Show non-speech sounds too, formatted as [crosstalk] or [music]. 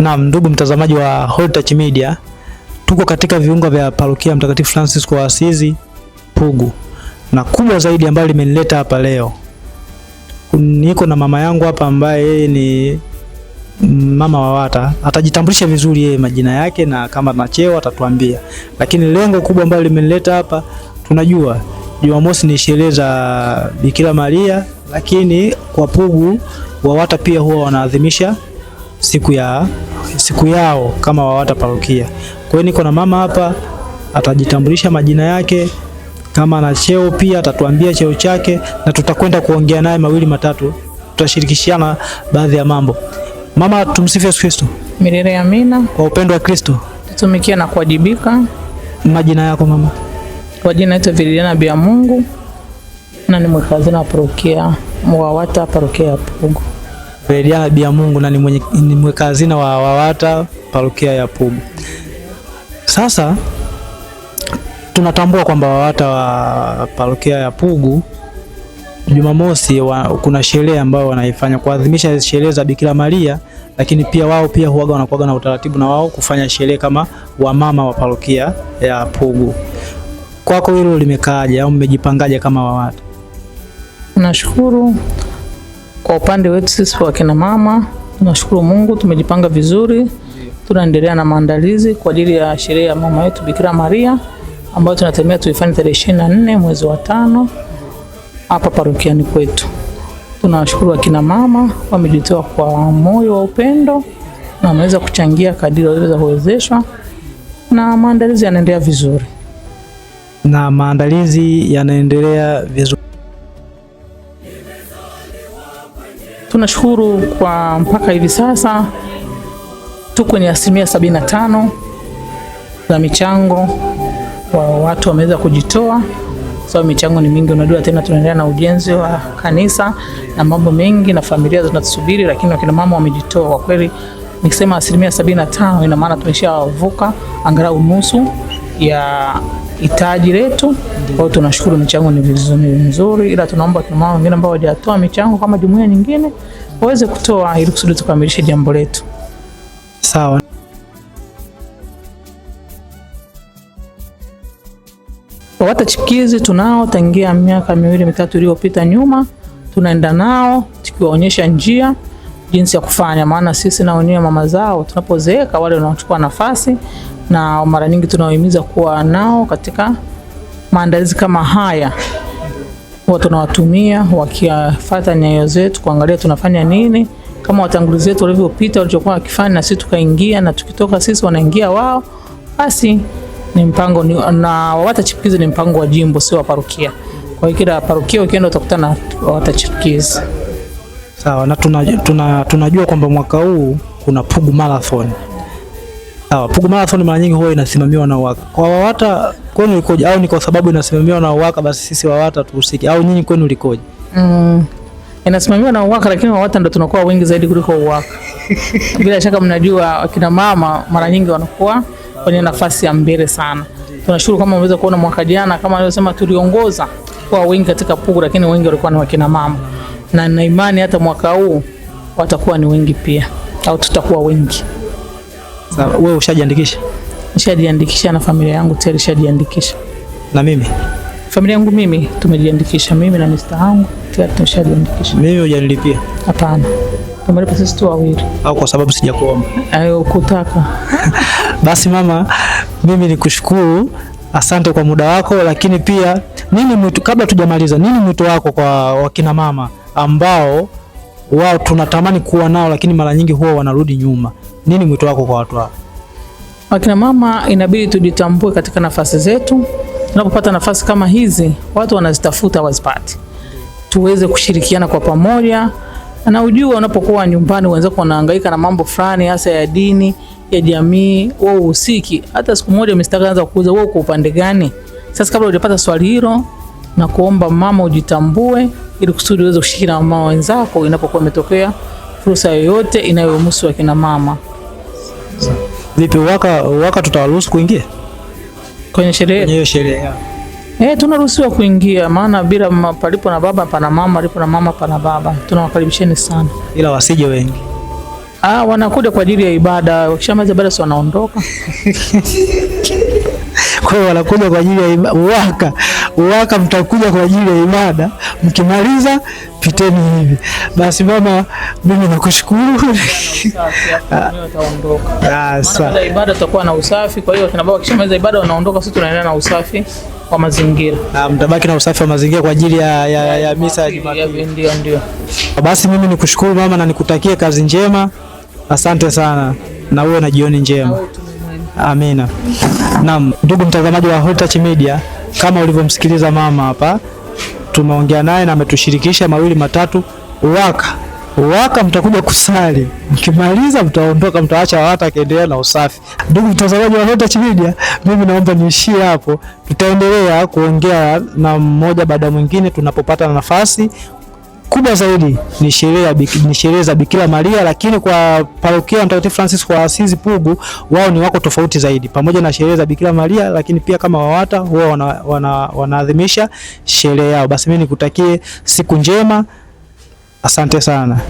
Naam, ndugu mtazamaji wa Holy Touch Media, tuko katika viunga vya parokia Mtakatifu Francis wa Asizi Pugu, na kubwa zaidi ambayo limenileta hapa leo, niko na mama yangu hapa ambaye yeye ni mama wa WATA. Atajitambulisha vizuri yeye majina yake na kama na cheo atatuambia, lakini lengo kubwa ambalo limenileta hapa, tunajua Jumamosi ni sherehe za Bikira Maria, lakini kwa Pugu wa WATA pia huwa wanaadhimisha siku ya siku yao kama hawataparukia. Kwa hiyo niko na mama hapa, atajitambulisha majina yake, kama ana cheo pia atatuambia cheo chake, na tutakwenda kuongea naye mawili matatu, tutashirikishana baadhi ya mambo. Mama, tumsifu Yesu Kristo. Milele amina. Kwa upendo wa Kristo tutumikia na kuwajibika. Majina yako mama? Kwa jina naitwa Viliana Bia Mungu na ni mwekazina wa parokia Mwawata, parokia ya Pugu ya Mungu na ni mwenye ni mweka hazina wa WAWATA parokia ya Pugu. Sasa tunatambua kwamba WAWATA wa parokia ya Pugu Jumamosi wa, kuna sherehe ambayo wanaifanya kuadhimisha sherehe za Bikira Maria, lakini pia wao pia huaga wanakuaga na utaratibu na wao kufanya sherehe kama wamama wa parokia ya Pugu. Kwako hilo limekaaje au mmejipangaje kama WAWATA? Nashukuru kwa upande wetu sisi kina mama tunashukuru Mungu, tumejipanga vizuri, tunaendelea na maandalizi kwa ajili ya sherehe ya mama yetu Bikira Maria ambayo tunatemea tuifanye tarehe ishirini na nne mwezi wa tano hapa parokiani kwetu. Tunawashukuru wakina mama, wamejitoa kwa moyo wa upendo na wameweza kuchangia kadiri waliweza kuwezeshwa, na maandalizi yanaendelea vizuri na maandalizi yanaendelea vizuri. tunashukuru kwa mpaka hivi sasa tuko ni asilimia sabini na tano za michango wa watu wameweza kujitoa sababu so, michango ni mingi, unajua tena tunaendelea na ujenzi wa kanisa na mambo mengi na familia zinatusubiri, lakini wakina mama wamejitoa kwa kweli. Nikisema asilimia sabini na tano ina maana tumeshawavuka angalau nusu ya hitaji letu. Kwa hiyo tunashukuru michango ni vizuri nzuri, ila tunaomba tuna mama wengine ambao hawajatoa michango kama jumuiya nyingine waweze kutoa ili kusudi tukamilishe jambo letu. Sawa. Wata chikizi tunao tangia miaka miwili mitatu iliyopita nyuma, tunaenda nao tukiwaonyesha njia jinsi ya kufanya, maana sisi na wenyewe mama zao tunapozeeka, wale wanaochukua nafasi, na mara nyingi tunawahimiza kuwa nao katika maandalizi kama haya, huwa tunawatumia wakifuata nyayo zetu, kuangalia tunafanya nini kama watangulizi wetu walivyopita walichokuwa wakifanya, na sisi tukaingia, na tukitoka sisi wanaingia wao, basi ni mpango ni, na WAWATA chipukizi ni mpango wa jimbo, sio wa parokia. Kwa hiyo kila parokia ukienda utakutana na WAWATA chipukizi. Sawa, na tunajua, tuna, tunajua kwamba mwaka huu kuna Pugu Marathon. Sawa, Pugu Marathon mara nyingi huwa inasimamiwa na Waka. Kwa Wawata kwenu ilikoje? Au ni kwa sababu inasimamiwa na Waka basi sisi Wawata tuhusike? Au nyinyi kwenu ilikoje? Mm, inasimamiwa na Waka lakini Wawata ndo tunakuwa wengi zaidi kuliko Waka. [laughs] Bila shaka mnajua akina mama mara nyingi wanakuwa kwenye nafasi ya mbele sana. Tunashukuru kama mweza kuona mwaka jana kama alivyosema tuliongoza kwa wengi katika Pugu, lakini wengi walikuwa ni wakina mama na na imani hata mwaka huu watakuwa ni wengi pia, au tutakuwa wengi. Sawa, wewe ushajiandikisha? Nishajiandikisha na familia yangu tayari shajiandikisha. Na mimi familia yangu mimi tumejiandikisha, mimi na mista wangu tayari tumeshajiandikisha. Mimi hujanilipia? Hapana, tumelipa sisi tu wawili, au kwa sababu sijakuomba ayo kutaka. [laughs] Basi mama, mimi nikushukuru, asante kwa muda wako, lakini pia nini mwito, kabla tujamaliza, nini mwito wako kwa wakina mama ambao wao tunatamani kuwa nao, lakini mara nyingi huwa wanarudi nyuma. Nini mwito wako kwa watu hao? Akina mama, inabidi tujitambue katika nafasi zetu. Tunapopata nafasi kama hizi, watu wanazitafuta wazipati, tuweze kushirikiana kwa pamoja. Na ujua, unapokuwa nyumbani wenzako wanahangaika na mambo fulani, hasa ya dini, ya jamii, wewe uhusiki. Hata siku moja mistaka anza kuuza, wewe uko upande gani? Sasa kabla hujapata swali hilo na kuomba mama ujitambue, ili kusudi uweze kushiriki na mama wenzako inapokuwa imetokea fursa yoyote inayohusu akina mama. Vipi waka waka, tutawaruhusu kuingia kwenye sherehe Kwenye Sherehe eh, tunaruhusiwa kuingia, maana bila palipo na baba pana mama, palipo na mama pana baba. Tunawakaribisheni sana, ila wasije wengi. Ah, wanakuja kwa ajili ya ibada, wakishamaliza ibada si wanaondoka. [laughs] Kwa hiyo wanakuja kwa ajili ya waka Uwaka mtakuja kwa ajili ya ibada, mkimaliza piteni hivi. Basi mama, mimi nakushukuru. [laughs] Ah, ibada tutakuwa na usafi, kwa hiyo kina baba kishamaliza ibada wanaondoka, sisi tunaendelea na usafi wa mazingira. Ah, mtabaki na usafi wa mazingira kwa ajili ya, ya, ya misa ya Jumapili. Ndio, ndio. Basi mimi nikushukuru mama na nikutakie kazi njema. Asante sana na uwe na jioni njema. Amina. Naam, ndugu mtazamaji wa Hot Touch Media kama ulivyomsikiliza mama hapa, tumeongea naye na ametushirikisha mawili matatu. waka waka mtakuja kusali, mkimaliza mtaondoka, mtaacha hata akiendelea na usafi. Ndugu mtazamaji wa Heritage Media, mimi naomba niishie hapo. Tutaendelea kuongea na mmoja baada mwingine tunapopata nafasi kubwa zaidi ni sherehe za Bikira Maria, lakini kwa parokia Mtakatifu Francis wa Asizi Pugu wao ni wako tofauti zaidi. Pamoja na sherehe za Bikira Maria, lakini pia kama Wawata huwa wanaadhimisha wana, wana sherehe yao. Basi mimi nikutakie siku njema, asante sana.